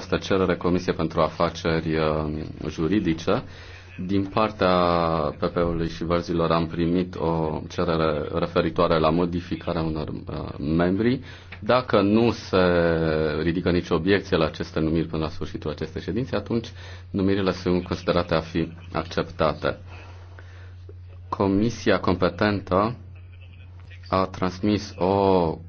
această cerere Comisie pentru Afaceri uh, Juridice. Din partea PP-ului și verzilor am primit o cerere referitoare la modificarea unor uh, membri. Dacă nu se ridică nicio obiecție la aceste numiri până la sfârșitul acestei ședințe, atunci numirile sunt considerate a fi acceptate. Comisia competentă a transmis o